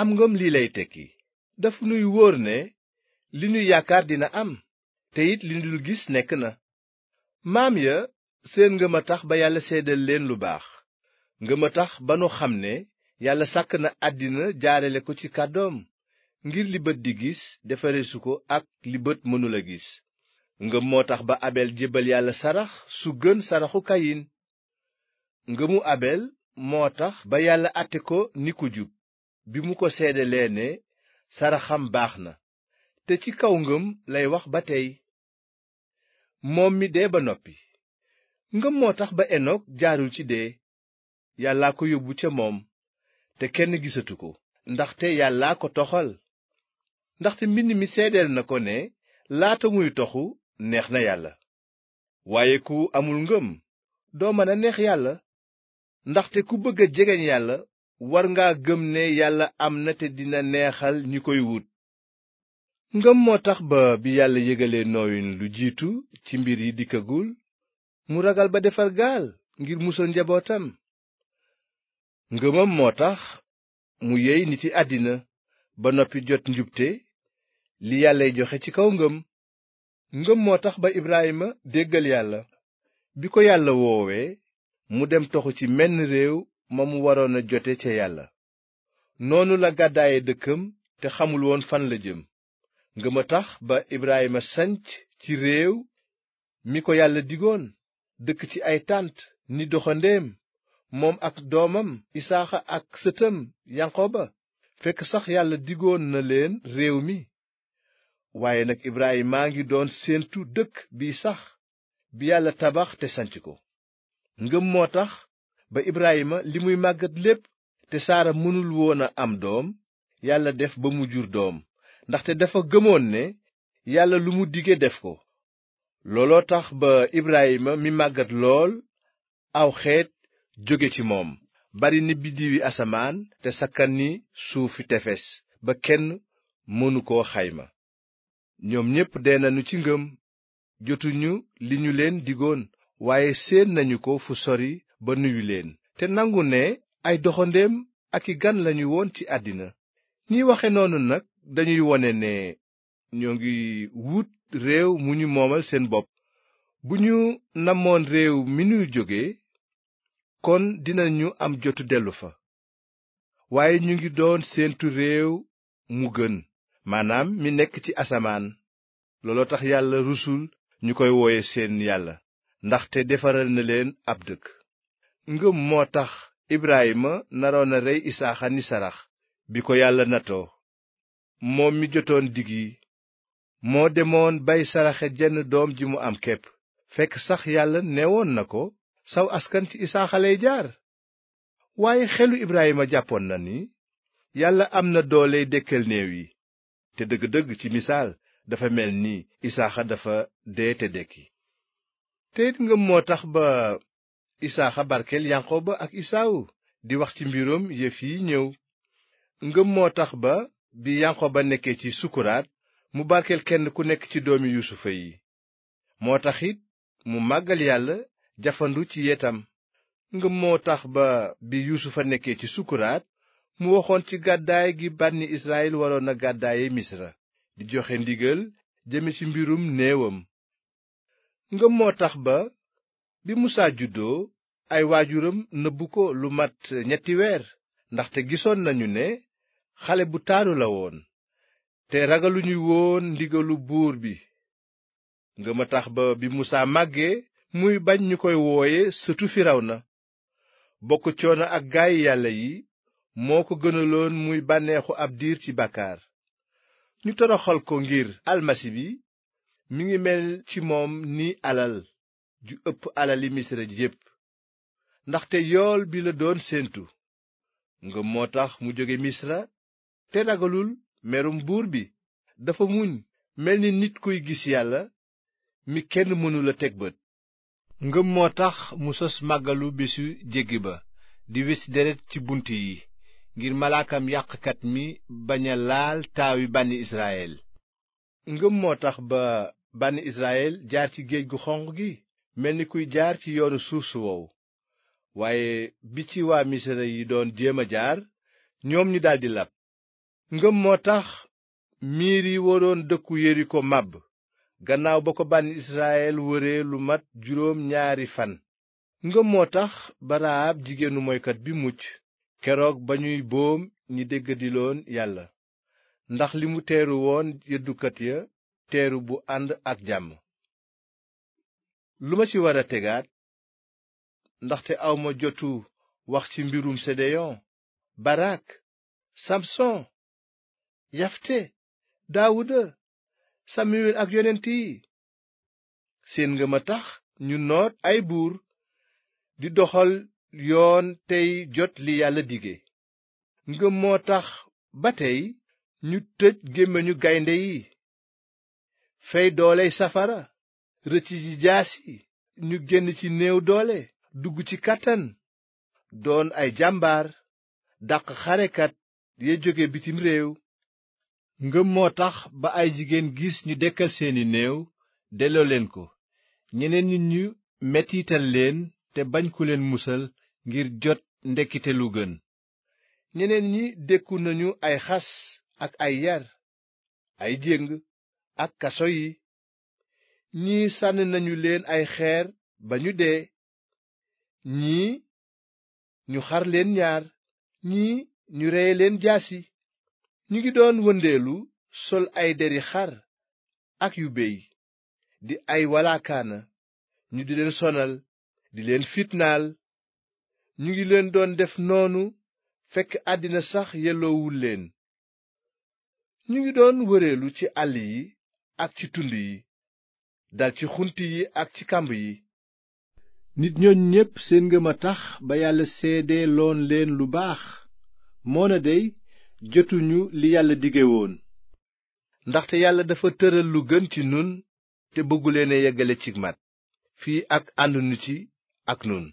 am ngëm lii lay tekki dafa nuy wóor ne li nu yaakaar dina am te it li nu dul gis nekk na maam ya seen ngëm a tax ba yàlla seedal leen lu baax ngëm a tax ba nu xam ne yàlla sàkk na àddina jaarale ko ci kàddoom ngir li bët di gis defareesu ko ak li bët mënula gis ngëm moo tax ba abel jébbal yàlla sarax su gën saraxu kayin ngëmu abel moo tax ba yàlla àtte ko ni ku jub bi mu ko seedelee ne saraxam baax na te ci kaw ngëm lay wax ba tey moom mi dee ba noppi ngëm moo tax ba enok jaarul ci dee yàllaa ko yóbbu ca moom te kenn gisatu ko ndaxte yàllaa ko toxal ndaxte mbind mi seedeel na ko ne laata muy toxu neex na yàlla waaye ku amul ngëm doo neex yàlla ndaxte ku bëgg jegeñ yàlla war ngaa gëm ne yàlla am na te dina neexal ñi koy wut ngëm moo tax ba bi yàlla yëgalee nooyin lu jiitu ci mbir yi dikkagul mu ragal ba defar gaal ngir musal njabootam ngëmam moo tax mu yey niti àddina ba noppi jot njubte li yàllay joxe ci kaw ngëm ngëm moo tax ba Ibrahima déggal yàlla bi ko yàlla woowee mu dem toxu ci menn réew ma mu waroon a jote ca yàlla noonu la gàddaaye dëkkam te xamul woon fan la jëm ngama tax ba Ibrahima sanc ci réew mi ko yàlla digoon dëkk ci ay tànt ni doxandeem moom ak doomam isaaxa ak sëtam yanqoba fekk sax yàlla digoon na leen réew mi waaye nag maa ngi doon séentu dëkk bi sax bi yàlla tabax te sanc ko ngëm moo tax ba Ibrayima li muy màggat lépp te saara mënul woon a am doom yàlla def ba mu jur doom ndaxte dafa gëmoon ne yàlla lu mu dige def ko looloo tax ba Ibrayima mi màggat lool aw xeet jóge ci moom bari ni biddiwi asamaan te sakkan ni suufi tefes ba kenn mënu koo xayma ñoom ñépp dee nañu ci ngëm jotuñu li ñu leen digoon waaye séen nañu ko fu sori ba nuyu leen te nangu ne ay doxandeem ak i gan lañu woon ci àddina ñiy waxe noonu nag dañuy wone ne ñoo ngi wut réew mu ñu moomal seen bopp bu ñu namoon réew mi ñu jóge kon dinañu am jotu dellu fa waaye ñu ngi doon séentu réew mu gën maanaam mi nekk ci asamaan looloo tax yàlla rusul ñu koy wooye seen yàlla ndaxte defaral na leen ab dëkk ngëm moo tax Ibrahima naroon a rey Isaaxa ni sarax bi ko yàlla natoo moom mi jotoon dig yi moo demoon bay saraxe jenn doom ji mu am képp fekk sax yàlla neewoon na ko saw askan ci Isaaxa lay jaar waaye xelu Ibrahima jàppoon na ni yàlla am na doole dekkal neew yi te dëgg-dëgg ci misaal dafa mel ni Isaaxa dafa dee te dekki isaaxa barkeel yanqooba ak isaawu di wax ci mbiroom yëf yi ñëw ngëm moo tax ba bi yanqooba nekkee ci sukuraat mu barkeel kenn ku nekk ci doomi yuusufa yi moo tax mu màggal yàlla jafandu ci yetam ngëm moo tax ba bi yuusufa nekkee ci sukuraat mu waxoon ci gàddaay gi bànni israel waroon a gàddaaye misra di joxe ndigal jëme ci mbirum néewam bi musaa juddoo ay waajuram nëbbu ko lu mat ñetti weer ndaxte gisoon nañu ne xale bu taaru la woon te ragaluñu woon ndigalu buur bi ngëm a tax ba bi musaa màggee muy bañ ñu koy wooye sëtu na bokk coono ak gaay yàlla yi moo ko gënaloon muy bànneexu ab diir ci bàkkaar ñu toroxal ko ngir almasi bi mi ngi mel ci moom ni alal ju ëpp alali misra yépp ndaxte yool bi la doon séentu ngëm moo tax mu jóge misra te ragalul merum buur bi dafa muñ mel ni nit kuy gis yàlla mi kenn mënula teg bët ngëm moo tax mu sos màggalu bésu jéggi ba di wis deret ci bunt yi ngir malaakam yàqkat mi baña laal taawi bànni israyel ngëm moo tax ba bànni israyel jaar ci géej gu xonq gi mel ni kuy jaar ci yoonu suuf su wow waaye bi ci waa misira yi doon jéem a jaar ñoom ñu daldi lab ngëm moo tax miir yi waroon dëkku yeriko màbb gannaaw ba ko bànn israel wëree lu mat juróom ñaari fan ngëm moo tax baraab jigéenu moykat bi mucc keroog ba ñuy boom ñi déggadiloon yàlla ndax li mu teeru woon yëddukat ya teeru bu ànd ak jàmm lu ma ci war a tegaat ndaxte awma jotu wax ci mbirum sedeyon barak samson yafte daawuda samuel ak yonent yi seen nga ma tax ñu noot ay buur di doxal yoon tey jot li yàlla dige ngëm moo tax ba tey ñu tëj gémmiñu gaynde yi fey dooley safara rëcc ci jaasi ñu génn ci néew doole dugg ci kàttan doon ay jàmbar dàq xarekat ya jóge bitim réew ngëm moo tax ba ay jigéen gis ñu dekkal seeni néew delloo leen ko ñeneen nit ñu mettital leen te bañ ku leen musal ngir jot ndekkite lu gën ñeneen ñi dékku nañu ay xas ak ay yar ay jéng ak kaso yi ñii sànni nañu leen ay xeer ba ñu dee ñii ñu xar leen ñaar ñii ñu reye leen jaasi ñu ngi doon wëndeelu sol ay deri xar ak yu bey di ay walaakaana ñu di leen sonal di leen fitnaal ñu ngi leen doon def noonu fekk àddina sax yelloowul leen ñu ngi doon wëreelu ci àll yi ak ci tund yi dal ci xunt yi ak ci kàmb yi nit ñooñ ñépp seen ngëm a tax ba yàlla seede loon leen lu baax moona dey jotuñu li yàlla dige woon ndaxte yàlla dafa tëral lu gën ci nun te bëgguleene yeggale ci mat fii ak ànduñu ci ak nun